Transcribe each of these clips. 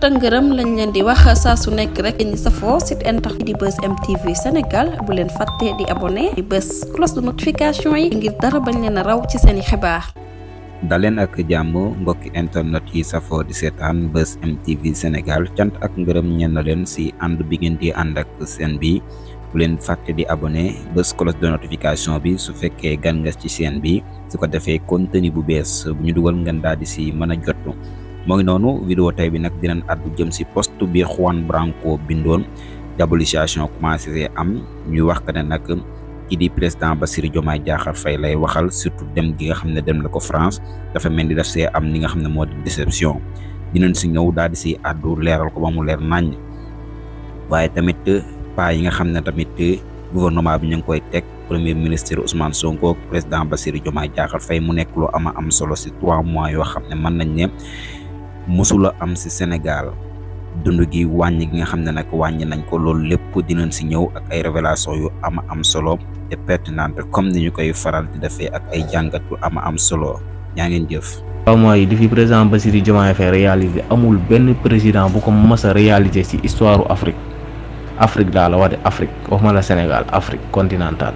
tëngërëm lañ leen di wax saa su nekk rek ñi safoo site internet di bus mtv Senegal bu leen fàtte di abonné di bës cloche de notification yi ngir dara bañ leen a raw ci seeni xibaar daleen ak jàmm mbokki internet yi safoo di seetaan mtv Senegal cant ak ngërëm ñen leen si ànd bi ngeen di ànd ak seen bi bu leen fàtte di abonné bës cloche de notification bi su fekkee gan nga ci seen bi su ko defee contenu bu bees bu ñu dugal ngeen daal di si mën a moo ngi noonu vidéo tey bi nak dinañ addu jëm ci poste bi Juan Branco bindon diabolisation commencé am ñuy wax que ne nag ki di président Bassirou Diomaye Diakhar Fay lay waxal surtout dem gi nga xamne dem lako France dafa melni daf see am ni nga xamne mo di déception dinañ ci ñew daal di si addu léral ko ba mu lér nañ waye tamit pa yi nga xamne tamit gouvernement bi ñang koy tek premier ministre Ousmane Sonko président Bassirou Diomaye Diakhar Fay mu nek lu ama am solo ci 3 mois yo xamne man nañ ne mësula am si Sénégal dund gi wàññi gi nga xam ne nag wàññi nañ ko loolu lépp dinañ si ñëw ak ay révélation yu ama am solo te pertinente comme ni ñu koy faral di defee ak ay jàngat yu ama am solo ñaa ngeen jëf. waaw mooy li fi président Bassirou Diomaye Faye réalisé amul benn président bu ko mës a réalisé ci histoire Afrique Afrique daal la wax de Afrique waxuma la Sénégal Afrique continentale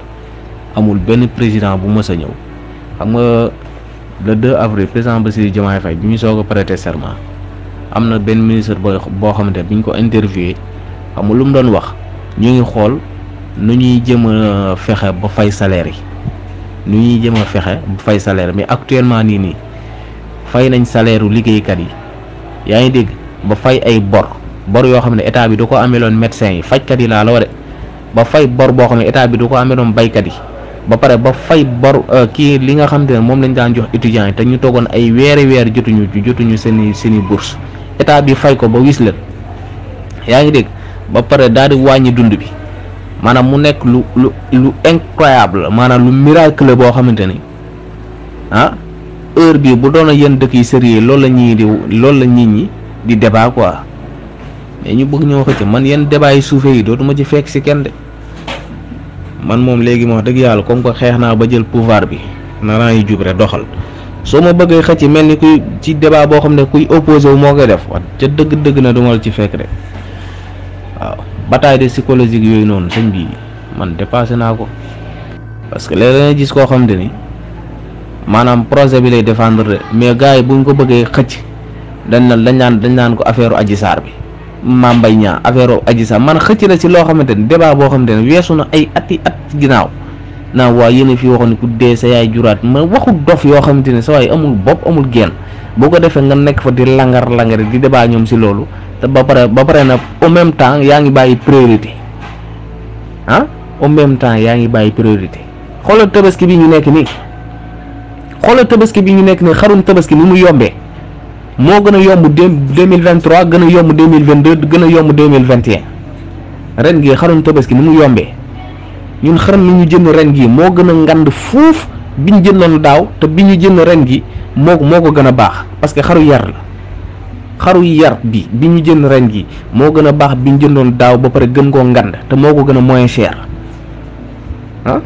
amul benn président bu mës a ñëw xam le 2 avril président Bassirou Diomaye Faye bi ñu soo a prêter serment am na benn ministre booy boo xamante ne bi ñu ko interviewé xam lu mu doon wax ñu ngi xool nu ñuy jëm a fexe ba fay salaire yi nu ñuy jëm a fexe ba fay saleer mais actuellement nii nii fay nañ salaire liggéeykat yi yaa ngi dégg ba fay ay bor bor yoo xam ne état bi du ko ameloon médecin yi fajkat yi laa la ware ba fay bor boo xam ne état bi du ko ameloon baykat yi ba pare ba fay bor eh, ki li nga xam mom lañ daan jox étudiant té ñu togon ay weeri weer jotuñu jotuñu seen i seen bourse état bi fay ko ba wiss le ya nga dégg ba pare daal di wañi dund bi manam mu nekk lu lu lu incroyable manam lu miracle bo xamante ha ah, heure bi bu doona yeen dëkk yi sérieux lool la ñi di lool la ñi di débat quoi mais ñu bëgg ñoo xëc man yeen débat yi soufey yi dootuma ci fekk ci kenn man moom léegi ma wax dëgg yàlla comme que xeex naa ba jël pouvoir bi na raa yi jub doxal soo ma bëggee xëcc mel ni kuy ci débat boo xam ne kuy opposé wu moo koy def wax ca dëgg-dëgg na duma la ci fekk rek waaw bataille de psychologique yooyu noonu sëñ bi man dépassé naa ko parce que léeg-léeg gis koo xam ni maanaam projet bi lay défendre mais gars yi buñ ko bëggee xëcc dañ na dañ naan dañ naan ko affaire u Adji bi Mame Mbaye Niang affaire Adji Sarr man xëcc na si loo xamante ne débat boo xamante ne weesu na ay ati at ginnaaw naa waa yéen a fi waxoon ne ku dee sa yaay juraat ma waxu dof yoo xamante ne sa waay amul bopp amul génn boo ko defee nga nekk fa di langar langar di debaa ñoom si loolu te ba pare ba pare na au même temps yaa ngi bàyyi priorité ah au même temps yaa ngi bàyyi priorité xoolal tabaski bi ñu nekk nii xoolal tabaski bi ñu nekk nii xarum tabaski ni mu yombee. mo gëna a yomb deux mille 2022, trois gën 2021. yomb deux mille yomb deux ren gi xarum tabaski ni mu yombé ñun xaram ni ñu jënd ren gi mo gëna ngand fuf biñu jënd jëndoon daw te biñu jënd ren gi moo moko gëna bax parce que xaru yar la xaru yar bi biñu jënd ren gi mo gëna bax biñu jënd ñu daw ba paré gën ko ngand te moko gëna moins cher ah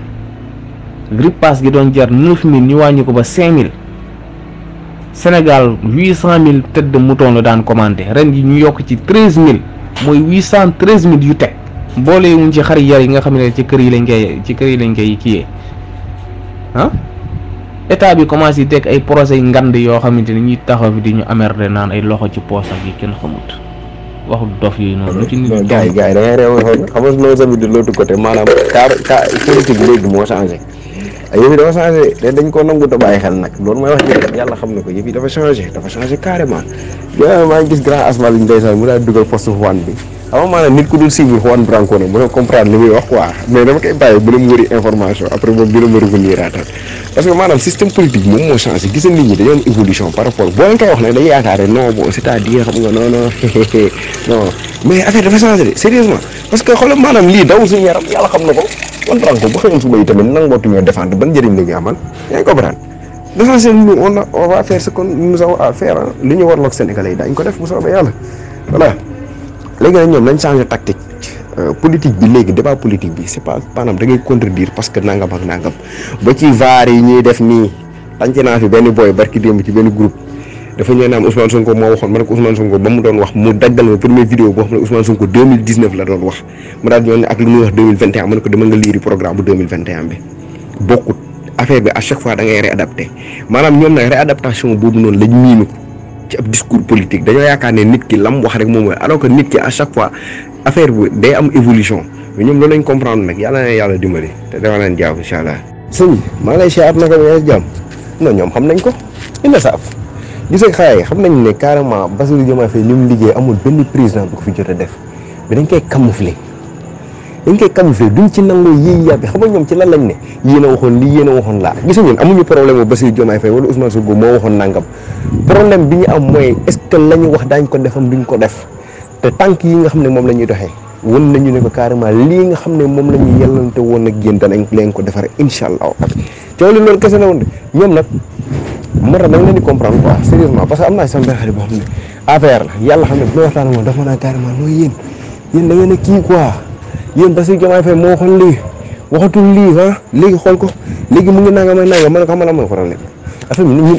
grip pass gi doon jar 9000 ñu wañu ko ba 5000 Sénégal huit cent mille tedd de mouton la daan commandé ren yi ñu yokk ci treize mille mooy huit cent treize mille yu teg boole wuñ ci xar yar yi nga xam ne ci kër yi lañ koy ci kër yi lañ koy kiiyee ah état bi commencé teg ay projets ngande yoo xamante ni ñuy taxaw fi di ñu amer de naan ay loxo ci poos yi kenn xamut waxu dof yooyu noonu. lu ci nit gars yi gars yi da ngay réew xam nga nos amis de maanaam car car politique léegi moo changé. yëf dafa changé te dañ koo nangu te bàyyi xel nag loolu mooy wax jëkkat yàlla xam na ko yëf dafa changé dafa changé a de sérieusement parce que xoolal maanaam lii dawul suñu yaram yàlla xam na ko kon Ranko bu xëyoon suba yi tamit nangootuñoo défendre ban njëriñ la ñuy amal yaa ngi comprendre l'essentiel nous on on va faire ce que nous avons à faire li ñu warloog Sénégalais yi daañu ko def bu soobee yàlla voilà léegi nag ñoom nañ changé tactique euh, politique bi léegi débat politique bi c'est pas maanaam da ngay contredire parce que nangam ak nangam ba ci vaar yi ñuy def nii tànc naa fi benn boy barki démb ci benn groupe. dafa ñëw naam Ousmane Sonko mo waxon man ko Ousmane Sonko ba mu doon wax mu daggal ma premier vidéo bo xam Ousmane Sonko 2019 la doon wax mu daal ñoo ne ak lu ñu wax 2021 man ko dama nga lire programme bu 2021 bi bokkut affaire bi à chaque fois da ngay réadapté manam ñoom nak réadaptation boobu non lañ miinu ci ab discours politique dañu yaakaar nit ki lam wax rek moom moy alors que nit ki à chaque fois affaire bi day am évolution mais ñoom loolu lañ comprendre nak yalla na yalla dimbali te dama leen jaaw inshallah allah sëñ maa ngi lay siyaat naka ñu jàmm non ñoom xam nañ ko ina saaf gisee xaye xam nañ ne carrément Bassirou Diomaye Faye li mu liggéey amul benn président bu ko fi jot a def mais dañ koy camoufler dañ koy camoufler duñ ci nangoo yéey yàbbi xam nga ñoom ci lan lañ ne yéen a waxoon lii yéen a waxoon laa gis ngeen amuñu problème bu Bassirou Diomaye Faye wala Ousmane Sonko moo waxoon nangam problème bi ñu am mooy est-ce que la ñu wax daañ ko defam duñ ko def te tànk yi nga xam ne moom la ñuy doxee won nañu ne ko carrément lii nga xam ne moom la ñu yellante woon ak yéen danañ leen ko defaree incha allah coow li loolu kese na woon de ñoom parce que am naa sama benn xarit xam ne affaire la yàlla xam ne bu ma waxtaan moom dafa quoi yéen parce que Diomaye Faye moo waxoon lii waxatul lii ah léegi xool ko léegi ak nangam man ko la waxoon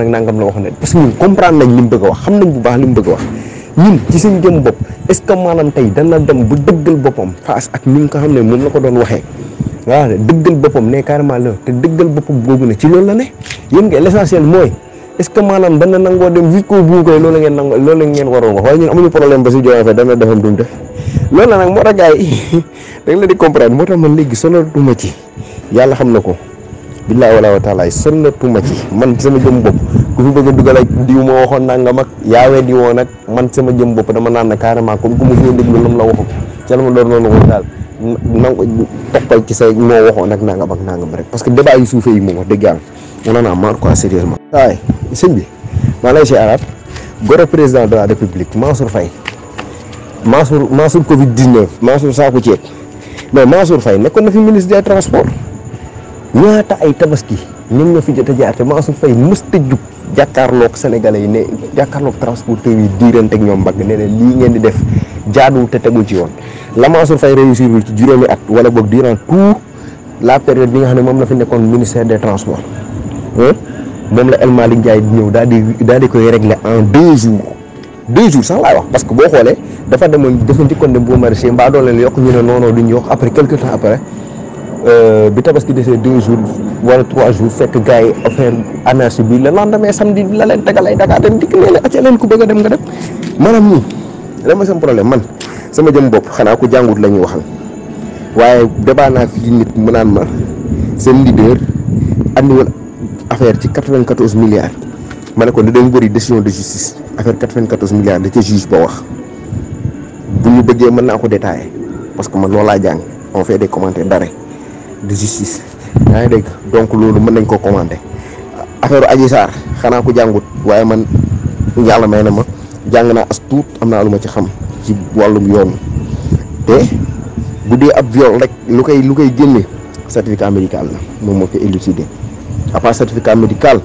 ak nangam la waxoon parce nañ li bëgg a wax xam nañ bu baax li mu bëgg wax ñun ci suñu jëm bopp est ce que maanaam tey dana dem ba dëggal boppam face ak ni nga ko xam ne moom la ko doon waxee waaw dëggal boppam ne carrément la te dëggal boppam boobu ne ci loolu la ne yéen nga l'essentiel mooy est ce que maanaam dana nangoo dem jusqu'au bout koy loolu ngeen nangoo loolu ngeen waroon wax waaye ñun amuñu problème ba si jooyee fa dana defam duñ def loolu la nag moo tax gars yi da nga leen di comprendre moo tax man léegi sonatuma ci yàlla xam na ko billaahi wala ku fi bëgg a dugal ak diw ma waxoon nangam ak yaawee di woo nag man sama jëm bopp dama naan na carrément comme ku mu fee déglu lam la ca la ma doon noonu woon na waxoon ak nangam ak nangam rek parce que débat yu suufee yi moom wax dëgg yàlla on en a marre quoi sérieusement. waaye sëñ si arab goro de la république Mansour Faye Mansour Mansour Covid 19 Mansour saako ceeb mais Mansour Faye nekkoon na fi ministre des transports ñaata ay tabaski ñoom ñoo fi jot a jaar te Mansour Faye mës ta jàkkaarloog sénégalais yi ne jàkkaarloog wi yi diiranteeg ñoom mbagg ne né li ngeen di def jaadu té tegul ci yoon la Mansour fay réussir ci juroomi at wala bok durant tout la période bi nga xamné mom la fi nékkon ministère des transports hein hmm? mom la El malik jaay ñew ñëw daal di daal di koy régler en deux jours deux jours sans la wax parce que bo xolé dafa dem dafa njëkkoon dem bo marché mbaa doon leen yok ñu ne noonoo duñ yok après quelques temps après euh bi tabaski déssé deux jours wala 3 jours fekk gars affaire anarchie bi le lendemain samedi la len tagal ay Dakar dem dik nee la len ku bëgg dem nga dem manam ni dama sam problème man sama jëm bop xana ku jàngut lañu waxal waye débat naa fi nit mu nan ma sen leader andi woon affaire ci 94 milliards ma ne ko da doon décision de justice affaire 94 milliards da ci juge ba wax bu ñu bëggee mën ko détailler parce que man lola jang on fait des commentaires d'arrêt de justice yaa ngi dégg donc loolu mën nañ koo commandé affaire Adji Sarr xanaa ko jàngut waaye man yàlla may na ma jàng naa as am naa lu ma ci xam ci wàllum yoon te guddee ab viol rek lu koy lu koy génne certificat médical la moom moo koy élucidé à part certificat médical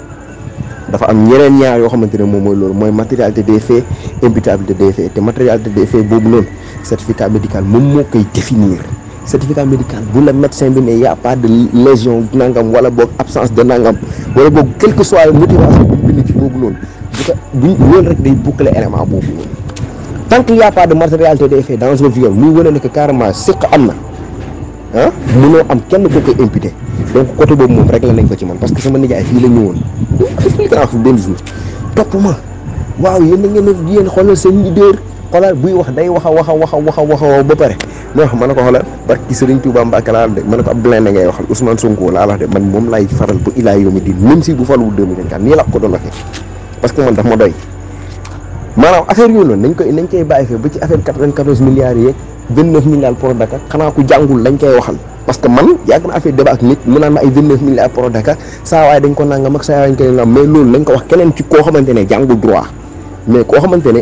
dafa am ñeneen ñaar yoo xamante ne moom mooy loolu mooy matérialité des faits imputabilité des faits te matérialité des faits boobu noonu certificat médical moom moo koy définir certificat médical bu la médecin bi ne y a pas de lésion nangam wala boog absence de nangam wala boog quel que soit motivation bu bind ci boobu noonu bu loolu rek day boucler élément boobu noonu tant que y a pas de matérialité dans un muy wane ne que carrément am na ah mënoo am kenn koo koy imputé donc côté boobu moom rek nañ ko ci man parce que sama nijaay fii la ñëwoon expliqué naa ko benn jour topp ma waaw yéen na ngeen yéen xoolal seen buy wax day wax a wax a wax a wax a ba pare mu wax ma ne ko xoolal barki Serigne Touba Mbacke laa de ma ne ko Abdoulaye na ngay waxal Ousmane Sonko laa wax de moom laay faral bu ilaa yoomi di si bu falu 2024 nii la ko doon waxee parce que man daf ma doy maanaam affaire ba ci affaire 94 milliards yeeg 29 milliards pour Dakar xanaa ku jàngul lañ koy waxal parce que man yàgg na affaire débat ak nit mu naan ma ay 29 milliards saa waay dañ ko nangam ak saa waay dañ ko wax keneen ci koo xamante ne jàngul droit mais koo xamante ne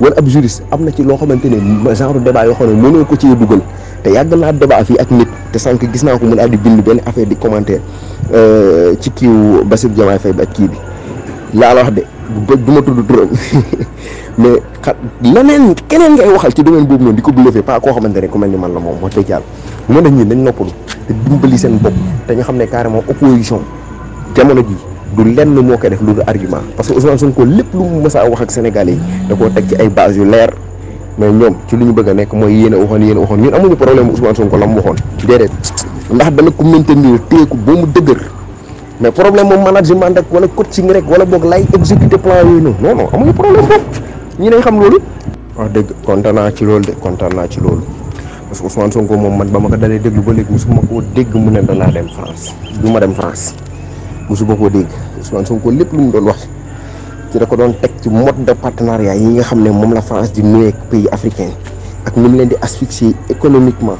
wala ab juriste am na ci loo xamante ne genre débat yoo xam ne mënoo ko cee dugal te yàgg naa débat fii ak nit te sànq gis naa ko mu daal di bind benn affaire di commentaire euh, ci kiiw Bassirou Diomaye Faye bi ak kii bi laa la wax de du ma tudd turam mais xa leneen keneen ngay waxal ci domaine boobu di ko bluffé pas koo xamante ne ku ni man la moom moo dëgg yàlla moo tax ñun dañ noppalu te dimbali seen bopp te ñu xam ne carrément opposition jamono ji du lenn mo ko def lu argument parce que Ousmane Sonko lepp lu mu mës wax ak sénégalais da ko tek ci ay base yu lèr mais ñom ci lu ñu bëgg nek moy mooy waxon a waxon yéen ñun amuñu problème Ousmane Sonko lam waxon dédé ndax da dana ko maintenir téye ko ba mu dëgër mais problème mo management ak wala coaching rek wala bok lay exécuter plan yooyu ñu non non amuñu problème bok ñi lay xam lolu wax dëgg contana ci lolu de kontaan ci lolu parce que Ousmane Sonko mom man ba ma ko dalee déglu ba légui suma ko dégg mu ne danaa dem France duma dem France musuma koo dégg Ousmane Sonko lépp lu mu doon wax ci da ko doon teg ci mode de partenariat yi nga xam ne moom la France di nuyee ak pays africain ak ni mu leen di asphyxier économiquement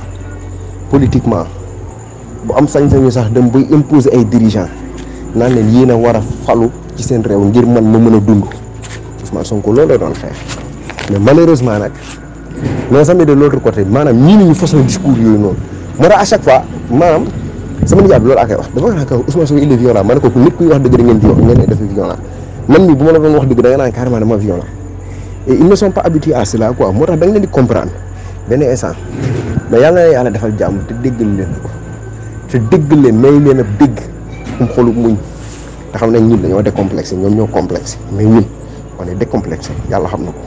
politiquement bu am sañ-sañu sax dem buy imposer ay dirigeants naan leen yéen a war a falu ci seen réew ngir man ma mën a dund Ousmane Sonko loolu la doon xeex mais malheureusement nag nos amis de l'autre côté maanaam ñii nañu façon discours yooyu noonu moo à chaque fois maanaam sama nijaay bi loolu akay wax dafa wax ko Ousmane Sonko il est violent ma ko nit kuy wax dëgg da ngeen di wax ngeen ne dafa violent man mi bu ma la doon wax dëgg da nga naan carrément dama violent et ne sont pas habitués à cela quoi moo tax da nga di comprendre benn instant mais yàlla na yàlla defal jàmm te déggal leen ko te déggal leen may leen ab dégg um xolu muñ te xam nañ ñun dañoo décomplexé ñoom ñoo complexé mais ñun on est yàlla xam na ko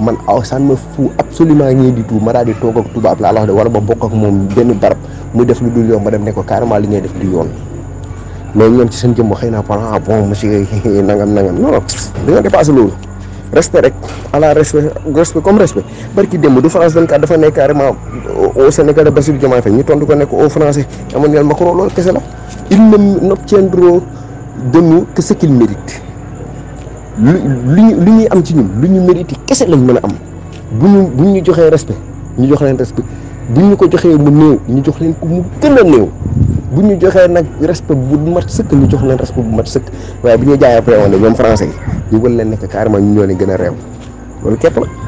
man aw san ma fu absolument ngi di tout mara di tok ak tuba la allah wala ba bok ak mom ben barab mu def lu dul yoon ba dem ne ko carrément li ngay def di yoon mais ñom ci seen jëm xeyna naa par ah bon monsieur nangam nangam non nga dépassé lool respect rek ala la respect respect comme respect barki dem du France 24 dafa nekk carrément au Sénégal Bassirou Diomaye Faye ñi tondu ko nekk au oh, français Emmanuel Macron loolu kese la il n'obtiendra de nous que ce qu'il mérite lu lu ñu lu ñuy am ci ñun lu ñu mérité kese lañ mën a am bu ñu bu ñu joxee respect ñu jox leen respect bu ñu ko joxee mu néew ñu jox leen ko mu gën a néew bu ñu joxee nag respect bu mat sëkk ñu jox leen respect bu mat sëkk waaye bu ñuy jaayee préwandé e, ñoom français yi ñu wër leen nekk carrément ñu ñoo leen gën a réew loolu képp la.